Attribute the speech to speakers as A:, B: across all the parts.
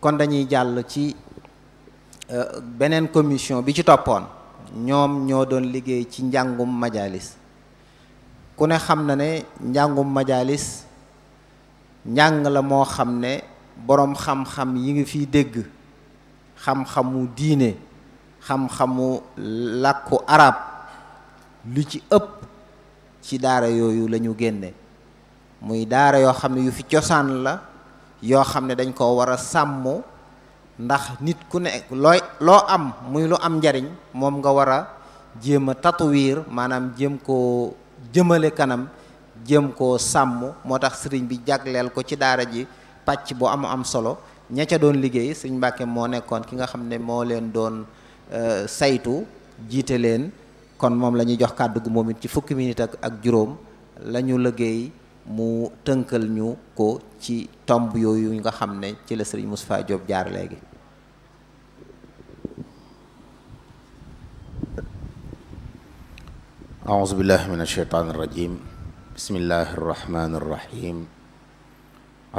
A: kon dañuy jàll ci euh, beneen commission bi ci toppoon ñoom ñoo doon liggéey ci njàngum majalis ku ne xam na ne njàngum majalis njàng la moo xam ne boroom xam-xam yi ngi fiy dégg xam-xamu diine xam-xamu làkku arab lu ci ëpp ci daara yooyu lañu génne muy daara yoo xam ne yu fi cosaan la yoo xam ne dañ koo war a sàmm ndax nit ku ne looy loo am muy lu am njariñ moom nga war a jéem a tatuwiir maanaam jéem koo jëmale kanam jéem koo sàmm moo tax sëriñ bi jagleel ko ci daara ji pàcc bu am am solo ña doon liggéey sëriñ Mbàkke moo nekkoon ki nga xam ne moo leen doon euh, saytu jiite leen kon moom la ñuy jox kàddu gu moom it ci fukki minute ak ak juróom la ñu liggéey mu tënkal ñu ko ci tomb yooyu nga xam ne ci la sëriñ Moustapha Diop jaar léegi.
B: أعوذ بالله من الشيطان الرجيم بسم الله الرحمن الرحيم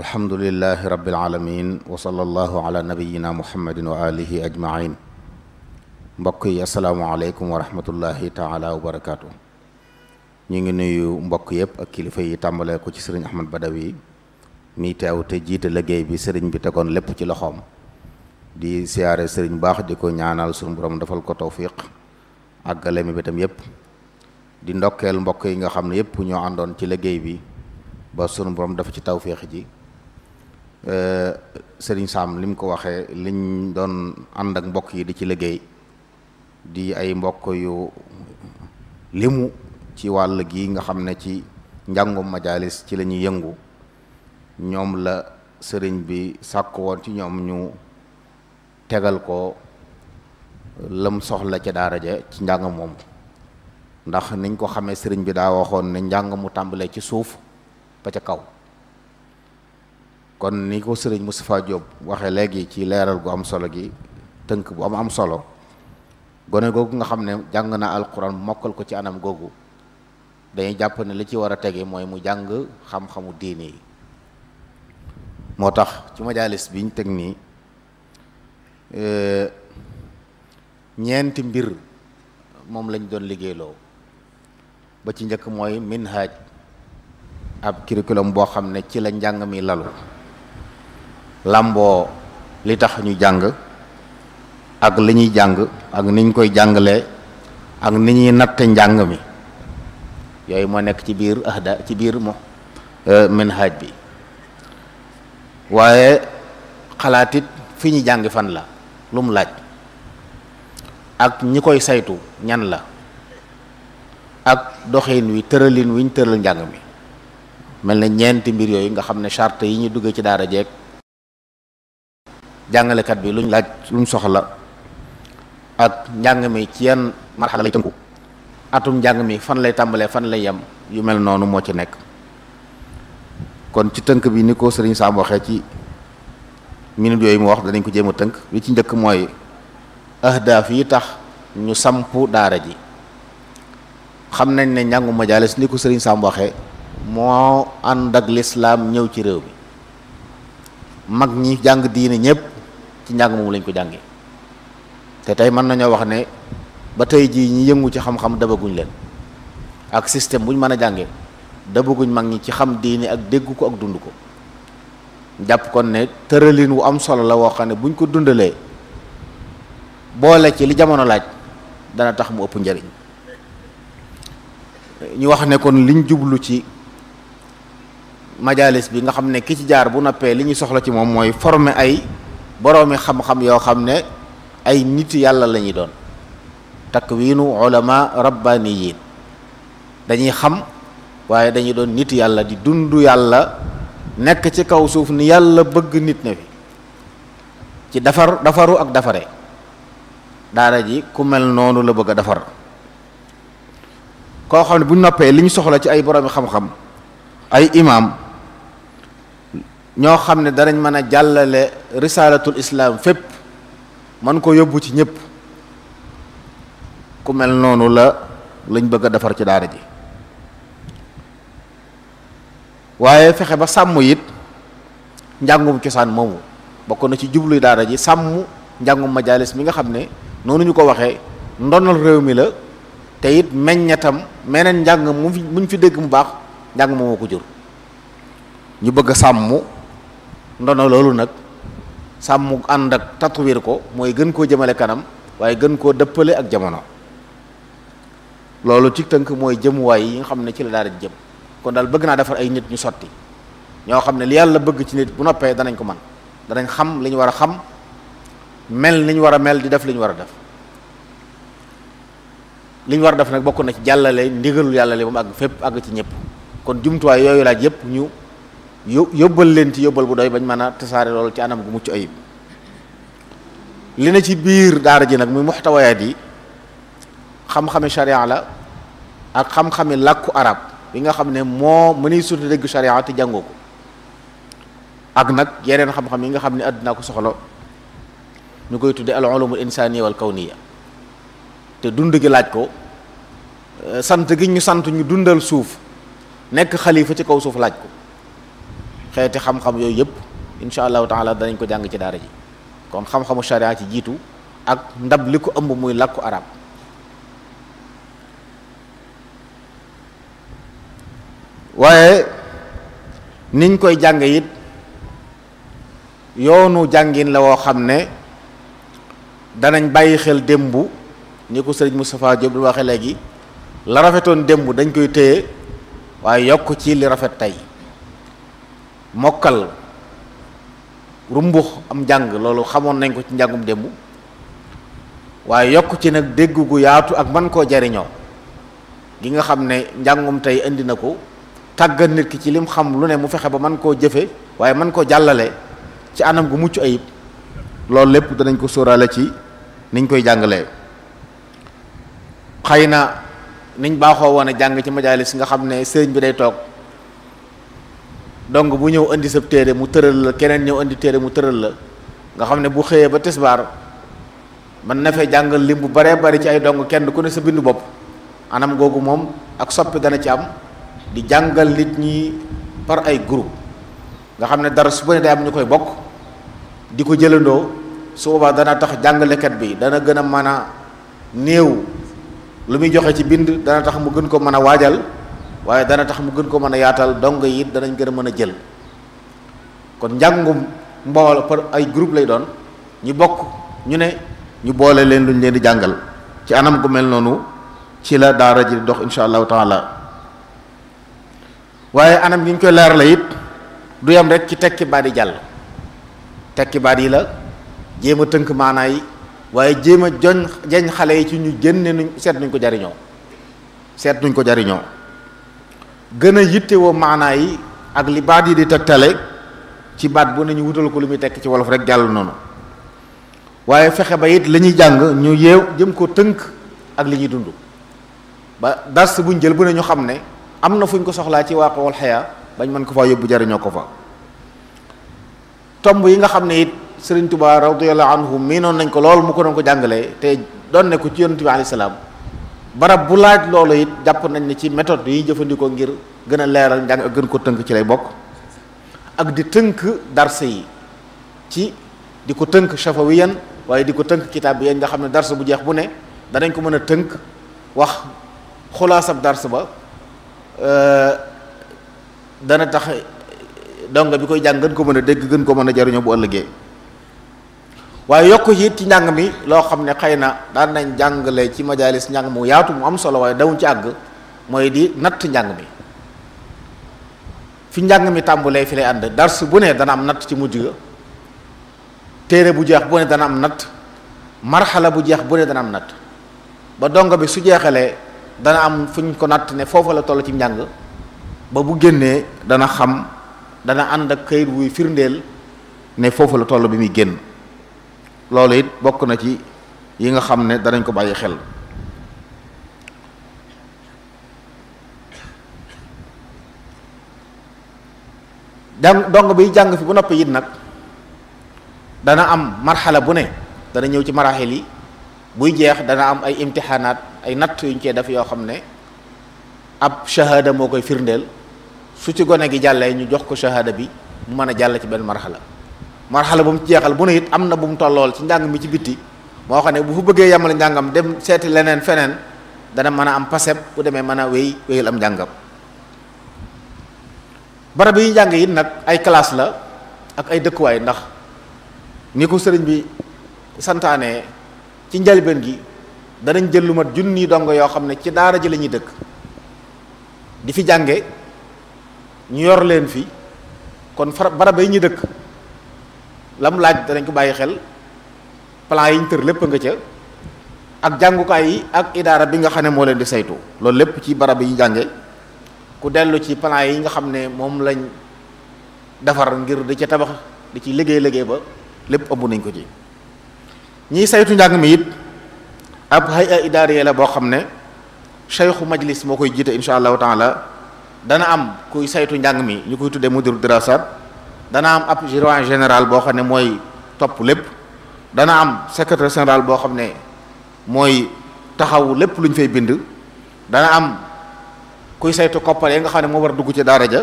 B: الحمد لله رب العالمين وصلى الله على نبينا محمد وآله أجمعين mbokk yi asalaamaaleykum wa rahmatullahi taala wa barakaatu ñu ngi nuyu mbokk yëpp ak kilifa yi tàmbalee ko ci sëriñ Ahmad Badawi mi teew te jiite liggéey bi sëriñ bi tegoon lépp ci loxoom di siyaare sëriñ baax di ko ñaanal suñu borom defal ko tawfiq ak galemi bi yëpp di ndokkeel mbokk yi nga xam ne yëpp ñoo àndoon ci liggéey bi ba sunu borom dafa ci tawféex ji euh, sëriñ Sam lim ko waxe liñ doon ànd ak mbokk yi di ci liggéey di ay mbokk yu limu ci wàll gi nga xam ne ci njàngum majalis ci lañuy yëngu ñoom la sëriñ bi sàkku woon ci ñoom ñu tegal ko lam soxla ca daara ja ci njàng moom ndax niñ ko xamee sëriñ bi daa waxoon ne njàng mu tàmbalee ci suuf ba ca kaw kon ni ko sëriñ Moustapha Diop waxee léegi ci leeral gu am solo gi tënk bu am am solo gone googu nga xam ne jàng na alquran mokkal ko ci anam googu dañuy jàpp ne li ci war a tege mooy mu jàng xam-xamu diine moo tax ci majaalis biñ teg nii euh, ñeenti mbir moom lañ doon liggéeyloo ba ci njëkk mooy minhaj ab curriculum boo xam ne ci la njàng mi lalu làmboo li tax ñu jàng ak li ñuy jàng ak niñ koy jàngale ak ni ñuy natte njàng mi yooyu moo nekk ci biir ahda ci biir mu e, minhaj bi waaye xalaatit fi ñu jàng fan la lu laaj ak ñi koy saytu ñan la ak doxin wi tëralin wiñ tëral njàng mi mel na ñeenti mbir yooyu nga xam ne charte yi ñu duggee ci daara jeeg jàngalekat bi luñ laaj luñ soxla ak njàng mi ci yan marxala lay tënku atum njàng mi fan lay tàmbalee fan lay yem yu mel noonu moo ci nekk kon ci tënk bi ni ko sëriñ Sam ci minute yooyu mu wax danañ ko jéem a tënk li ci njëkk mooy ahdaaf yi tax ñu sampu daara ji xam nañ ne njàngu majalis ni ko sëriñ sambooxe moo ànd ak lislaam ñëw ci réew mi mag ñi jàng diine ñëpp ci njàng moom lañ ko jànge te tey mën nañoo wax ne ba tey jii ñu yëngu ci xam-xam dabaguñ leen ak système buñ mën a jàngee dabaguñ mag ñi ci xam diini ak dégg ko ak dund ko jàpp kon ne tëralin wu am solo la woo xam ne buñ ko dundalee boole ci li jamono laaj dana tax mu ëpp njariñ ñu wax ne liñ jublu ci majalis bi nga xam ne ki ci jaar bu nappee li ñu soxla ci moom mooy former ay boroomi xam-xam yoo xam ne ay nit yàlla lañuy doon takwiinu ulama rabbaniyin dañuy xam waaye dañuy doon nit yàlla di dund yàlla nekk ci kaw suuf ni yàlla bëgg nit na fi ci dafar dafaru ak dafare daara ji ku mel noonu la bëgg a dafar koo xam ne bu noppee li ñu soxla ci ay boroomi xam-xam ay imaam ñoo xam ne danañ mën a jàllale risaalatul islaam fépp mën ko yóbbu ci ñëpp ku mel noonu la lañ bëgg a defar ci daara ji waaye fexe ba sàmm it njàngum cosaan moomu bokk na ci jubluy daara ji sàmm njàngum majalis mi nga xam ne noonu ñu ko waxee ndonal réew mi la te it meññatam meneen njàng mu fi muñ fi dégg mu baax njàng moomoo ko jur ñu bëgg a sàmm ndono loolu nag sàmm ànd ak tatwir ko mooy gën koo jëmale kanam waaye gën koo dëppale ak jamono loolu ci tënk mooy jëmuwaay yi nga xam ne ci la daara jëm kon daal bëgg naa defar ay nit ñu sotti ñoo xam ne li yàlla bëgg ci nit bu noppee danañ ko man danañ xam li ñu war a xam mel li war a mel di def li war a def liñ war a def nag bokk na ci jàllale ndigalul yàlla li moom àgg fépp àgg ci ñëpp kon jumtuwaay yooyu laaj yëpp ñu yóbbal leen ci yóbbal bu doy bañ mën a tasaare loolu ci anam gu mucc ayib li na ci biir daara ji nag muy muxtawayaat yi xam-xami sharia la ak xam-xami làkku arab bi nga xam ne moo mënuy surtu dégg sharia te jàngoo ko ak nag yeneen xam-xam yi nga xam ne àddina ko soxla ñu koy tudde al ulumul insaniya wal kawniya te dund gi laaj ko euh, sant gi ñu sant ñu dundal suuf nekk xalifa ci kaw suuf laaj ko xeeti xam-xam yooyu yëpp incha allahu taala danañ ko jàng ci daara ji kon xam-xamu sharia ci jiitu ak ndab li ko ëmb muy làkku arab waaye niñ koy jàng it yoonu jàngin la woo xam ne danañ bàyyi xel démb ni ko sëriñ Moustapha Diop di waxe léegi la rafetoon démb dañ koy téye waaye yokk ci li rafet tey mokkal rumbux am njàng loolu xamoon nañ ko ci njàngum démb waaye yokk ci nag dégg gu yaatu ak man koo jariñoo gi nga xam ne njàngum tey indi na ko tàggat nit ki ci lim xam lu ne mu fexe ba man koo jëfe waaye man koo jàllale ci anam gu mucc ayib loolu lépp danañ ko sóoraale ci niñ koy jàngalee xëy na niñ baaxoo woon a jàng ci majaalis nga xam ne sëriñ bi day toog donc bu ñëw indi sab téere mu tëral la keneen ñëw indi téere mu tëral la nga xam ne bu xëyee ba tisbaar man na fee jàngal lim bu baree bari ci ay dong kenn ku ne sa bindu bopp anam googu moom ak soppi dana ci am di jàngal nit ñi par ay groupe nga xam ne dara su bane day am ñu koy bokk di ko jëlandoo su boobaa dana tax jàngalekat bi dana gën a man a néew lu muy joxe ci bind dana tax mu gën ko mën a waajal waaye dana tax mu gën ko mën a yaatal dong yit it danañ gën a mën a jël kon njàngum mbool par ay groupe lay doon ñi bokk ñu ne ñu boole leen lu ñu leen di jàngal ci anam gu mel noonu ci la daara ji dox insha allahu taala waaye anam gi ñu koy leer la du yem rek ci tekki baat yi jàll tekki baat yi la jéem a tënk maanaa yi waaye jéem a joñ jeñ xale yi ci ñu génne nuñ seet nuñ ko jariñoo seet nuñ ko jariñoo gën a yittewoo maanaa yi ak li baat yi di tegtale ci baat bu ne ñu wutal ko lu muy tekk ci wolof rek jàll noonu waaye fexe ba it li ñuy jàng ñu yeew jëm ko tënk ak li ñuy dund ba dars buñ jël bu ne ñu xam ne am na fuñ ko soxlaa ci waaqowal xayaa bañ mën ko faa yóbbu jariñoo ko fa tomb yi nga xam ne it sëriñ Tuubaa radiyallahu anhu miinoon nañ ko lool mu ko doon ko jàngalee te doon ne ko ci yonent bi alayhi salaam barab bu laaj loolu it jàpp nañ ne ci méthode yi jëfandikoo ngir gën a leeral njàng a gën ko tënk ci lay bokk ak di tënk dars yi ci di ko tënk yan waaye di ko tënk kitaab bi yéen nga xam ne darse bu jeex bu ne danañ ko mën a tënk wax xulaasab darse ba Euh, dana tax donga bi koy jàng gën ko mën a dégg gën ko mën a jariñoo bu ëllëgee waaye yokk ci ci njàng mi loo xam ne xëy na daan nañ jàngale ci majalis njàng mu yaatu mu am solo waaye dawuñ ci àgg mooy di natt njàng mi fi njàng mi tàmbulee fi lay ànd dars bu ne dana am natt ci mujj ga téere bu jeex bu ne dana am natt marxala bu jeex bu ne dana am natt ba donga bi su jeexalee dana am fu ñu ko natt ne foofa la toll ci njàng ba bu génnee dana xam dana ànd ak kayit wuy firndeel ne foofu la toll bi muy génn loolu it bokk na ci yi nga xam ne danañ ko bàyyi xel jàng dong bi jàng fi bu noppi it nag dana am marxala bu ne dana ñëw ci maraxil yi buy jeex dana am ay imtixaanaat ay natt yuñ cee def yoo xam ne ab shahada moo koy firndeel su ci gone gi jàllee ñu jox ko shahada bi mu mën a jàll ci benn marxala marxala bu mu jeexal bu ne it am na bu mu tollool ci njàng mi ci bitti moo xam ne bu fu bëggee yamale njàngam dem seeti leneen feneen dana mën a am paseb bu demee mën a wéy wéyal am njàngam barab yu njàng yit nag ay classe la ak ay dëkkuwaay ndax ni ko sëriñ bi santaane ci njëlbeen gi danañ jël lu mat junni dongo yoo xam ne ci daara ji la ñuy dëkk di fi jànge ñu yor leen fi kon far baraba yi ñuy dëkk lam laaj danañ ko bàyyi xel plan yi ñu tër lépp nga ca ak jàngukaay yi ak iddaara bi nga xam ne moo leen di saytu loolu lépp ci barab yi jànge ku dellu ci plan yi nga xam ne moom lañ defar ngir di ca tabax di ci liggéey liggéey ba lépp ëmb nañ ko ci ñi saytu njàng mi it ab hay'a idaariya la boo xam ne sayxu majlis moo koy jiite incha allahu la dana am kuy saytu njàng mi ñu koy tuddee mudiru dirasat dana am ab gérant général boo xam ne mooy topp lépp dana am secrétaire général boo xam ne mooy taxaw lépp lu ñu fay bind dana am kuy saytu koppar ya nga xam ne moo war dugg ci daara ja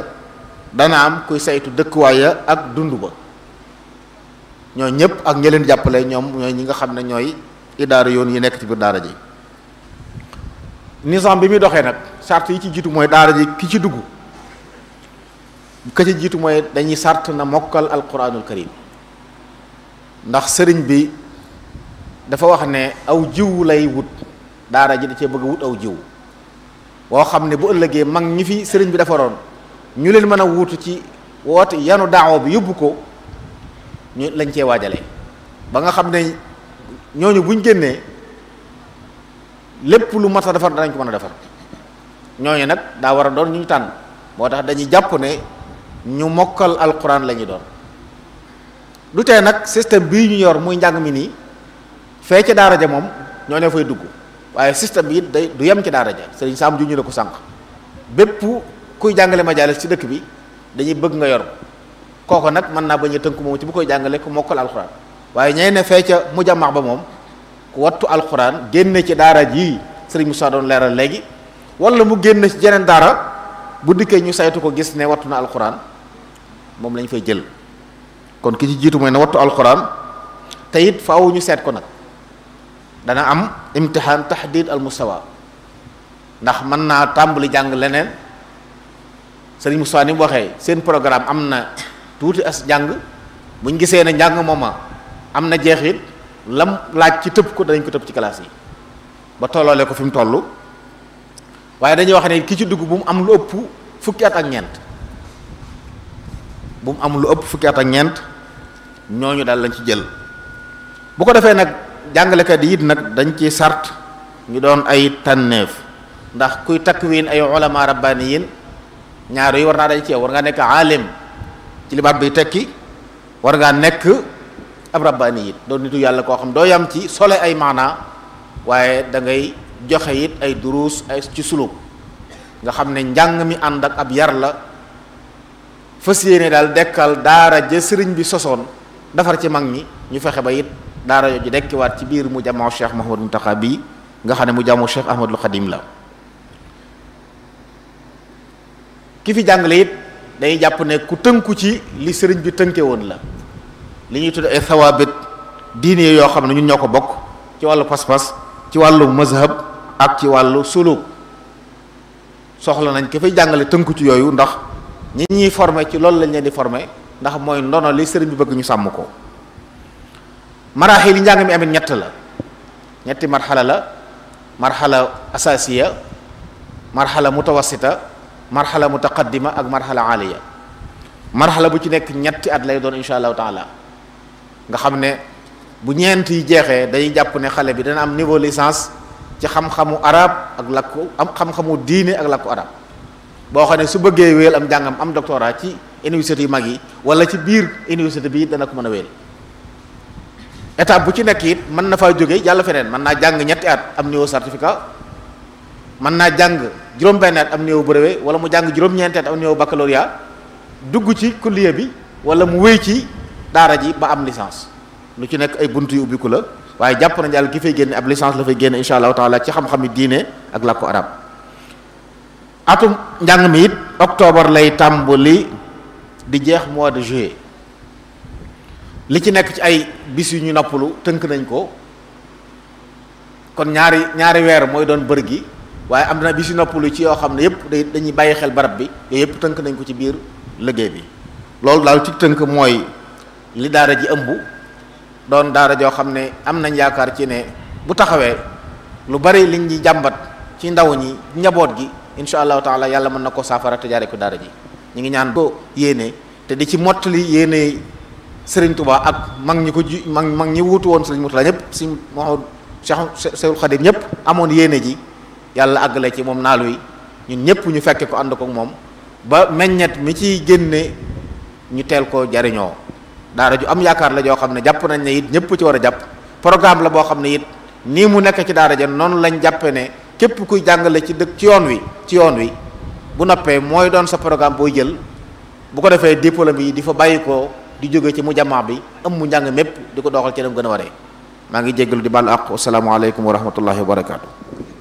B: dana am kuy saytu dëkkuwaay ya ak dund ba ñoo ñëpp ak ñi jàppale ñoom ñooy ñi nga xam ne ñooy idaara yoon yi nekk ci biir daara ji nizaam bi muy doxee nag sart yi ci jiitu mooy daara ji ki ci dugg ka ci jiitu mooy dañuy sart na mokkal alquranul karim ndax sëriñ bi dafa wax ne aw jiw lay wut daara ji da cee bëgg a wut aw jiw woo xam ne bu ëllëgee mag ñi fi sëriñ bi defaroon ñu leen mën a wuutu ci woote yanu daawo bi yóbbu ko ñu lañ cee waajalee ba nga xam ne ñooñu buñ génnee lépp lu mat a defar danañ ko mën a defar ñooñu nag daa war a doon ñu tànn moo tax dañuy jàpp ne ñu mokkal alquran lañuy doon du tee nag système bii ñu yor muy njàng mi nii fee ca daara ja moom ñoo ne fay dugg waaye système bi it day du yem ci daara ja sëriñ Sam ju ñu ne ko sànq bépp kuy jàngale majaalis ci dëkk bi dañuy bëgg nga yor kooku nag mën naa bañ a tënk moom ci bu koy jàngale ko mokkal alquran. waaye ñey ne fee ca mujjamax ba moom ku wattu alxuraan génne ci daara ji sëriñ Moussa doon leeral léegi wala mu génn ci jeneen daara bu dikkee ñu saytu ko gis ne wattu na alxuraan moom lañ fay jël kon ki ci jiitu mooy ne wattu alxuraan te it faaw ñu seet ko nag dana am imtihaan tahdid al mustawa ndax mën naa tàmbali jàng leneen sëriñ Moussa ni mu waxee seen programme am na tuuti as njàng buñ gisee ne njàng mooma am na jeexit lam laaj ci tëb ko danañ ko tëb ci classe yi ba tolloole ko fi mu toll waaye dañuy wax ne ki ci dugg bu mu am lu ëpp fukki at ak ñeent bu mu am lu ëpp fukki at ak ñeent ñooñu daal lañ ci jël bu ko defee nag jàngalekat yi nag dañ ci sart ñu doon ay tànneef ndax kuy takk takwiin ay ulama rabbaniyin ñaar yi war naa dañ ci yow war ngaa nekk aalim ci li baat bi tekki war ngaa nekk ab rabbaani yit doo nitu yàlla koo xam doo yam ci sole ay maana waaye dangay joxe it ay duruus ay ci suluk nga xam ne njàng mi ànd ak ab yar la fas yéene daal dekkal daara ja sëriñ bi sosoon defar ci mag ñi ñu fexe ba it daara ji dekkiwaat ci biir mu jamoo Cheikh Mouhamadou Mountakha bii nga xam ne mu jamoo Cheikh Ahmadul Xadim la ki fi jàngale it day jàpp ne ku tënku ci li sëriñ bi tënke la li ñuy tudd ay thawaabit diine yoo xam ne ñun ñoo ko bokk ci wàllu pas ci wàllu mazhab ak ci wàllu suluk soxla nañ ki fay jàngale tënku ci yooyu ndax ñi ñuy formé ci loolu lañ leen di formé ndax mooy ndono li sëriñ bi bëgg ñu sàmm ko maraaxil yi njàng mi amit ñett la ñetti marxala la marxala asasiya marxala mutawasita marxala mutaqaddima ak marxala aliya marxala bu ci nekk ñetti at lay doon insha allahu taala nga xam ne bu ñeent yi jeexee dañuy jàpp ne xale bi dana am niveau licence ci xam-xamu arab ak lakku am xam-xamu diine ak lakku arab boo xam ne su bëggee wéel am jàngam am doctorat ci université yu mag yi wala ci biir université bi dana ko mën a wéel étape bu ci nekk it mën na faa jóge jàll feneen mën naa jàng ñetti at am niveau certificat mën naa jàng juróom-benn at am niveau brevet wala mu jàng juróom-ñeenti at am niveau baccalauréat dugg ci kulliya bi wala mu wéy ci daara ji ba am licence lu ci nekk ay bunt yu ubbiku la waaye jàpp nañ daal ki fay génne ab licence la fay génne insha allahu taala ci xam-xami diine ak làkku arab atum njàng mi it octobre lay tàmb tàmbali di jeex mois de juillet li ci nekk ci ay bis yu ñu noppalu tënk nañ ko kon ñaari ñaari weer mooy doon bër gi waaye am na bis yu noppalu ci yoo xam ne yëpp dañuy bàyyi xel barab bi yooyu yëpp tënk nañ ko ci biir liggéey bi loolu daal ci tënk li daara ji ëmb doon daara joo xam ne am nañ yaakaar ci ne bu taxawee lu bari liñ ñi jàmbat ci ndaw ñi njaboot gi incha allahu taala yàlla mën na ko saafara te jaare ko daara ji ñu ngi ñaan ko yéene te di ci mottali yéene sëriñ tubaa ak mag ñi ko ji mag mag ñi wuutu woon sëriñ Mutula ñëpp suñ Mouhamed Cheikh Seydul Xadim ñëpp amoon yéene ji yàlla àgg la ci moom naalu yi ñun ñëpp ñu fekke ko ànd ko moom ba meññet mi ciy génne ñu teel ko jariñoo daara ju am yaakaar la joo xam ne jàpp nañ ne it ñëpp ci war a jàpp programme la boo xam ne it nii mu nekk ci daara ja noonu lañ jàppe ne képp kuy jàngale ci dëkk ci yoon wi ci yoon wi bu noppee mooy doon sa programme booy jël bu ko defee diplôme bi di fa bàyyi ko di jóge ci mu jamaa bi am mu njàng mépp di ko dooxal ci dem gën a waree maa ngi jéggalu di bàllu àq asalaamaaleykum wa rahmatullahi wa barakaatu